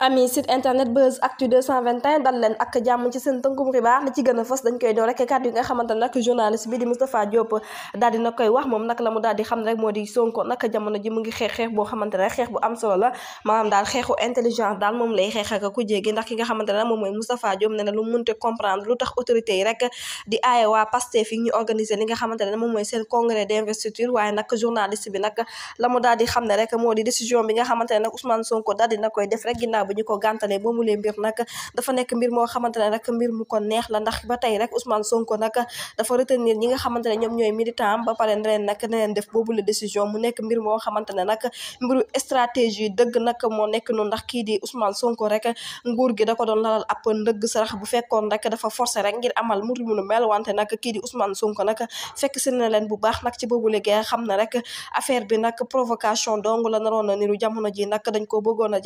ami site internet Buzz Actu 221 dal leen ak jàmm ci seen tënkum xibaar li ci a fës dañ koy door rek moo di Sonko nag am solo la maanaam daal xeexu intelligence daal moom lay xeex ak ku ndax ki nga xamante moom mooy na lu munte comprendre lu seen congrès d'investiture waaye nag journaliste bi nag la daal di xam ne rek moo di décision bi nga xamante ne nag Sonko daal dina koy def rek ginnaaw bu ñu ko gàntalee ba mu lee mbir nag dafa nekk mbir moo xamante ne rek mbir mu ko neex la ndax ba tey rek Ousmane Sonko nag dafa retenir ñi nga xamante ne ñoom ñooy militant ba pare na leen nag na leen def boobu la décision mu nekk mbir moo xamante ne nag mbiru stratégie dëgg nag moo nekk noonu ndax kii di Ousmane Sonko rek nguur gi da ko doon lalal ab ndëgg sarax bu fekkoon rek dafa forcé rek ngir amal mu munu mel wante nag kii di Ousmane Sonko nag fekk si na leen bu baax nak ci boobu liggéey xam na rek affaire bi nag provocation dong la naroon na niru jamono ji nag dañ ko bëggoon a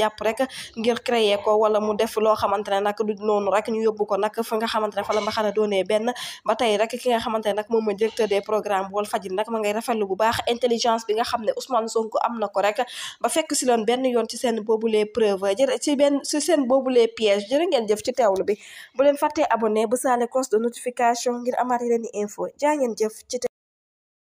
jëkkër créé ko wala mu def loo xamante du noonu rek ñu yóbbu ko nag nga xamante ne fa la benn ba tey rek ki nga xamante ne nag moom directeur des programmes Walfadjri nag ma ngay rafetlu bu baax intelligence bi nga xam ne Ousmane Sonko am na rek ba fekk si benn yoon ci seen boobulee preuve ci benn ci seen boobulee piège jërë jëf ci teewlu bi bu leen fàttee abonné bu saale cloche de notification ngir amaat info jaa jëf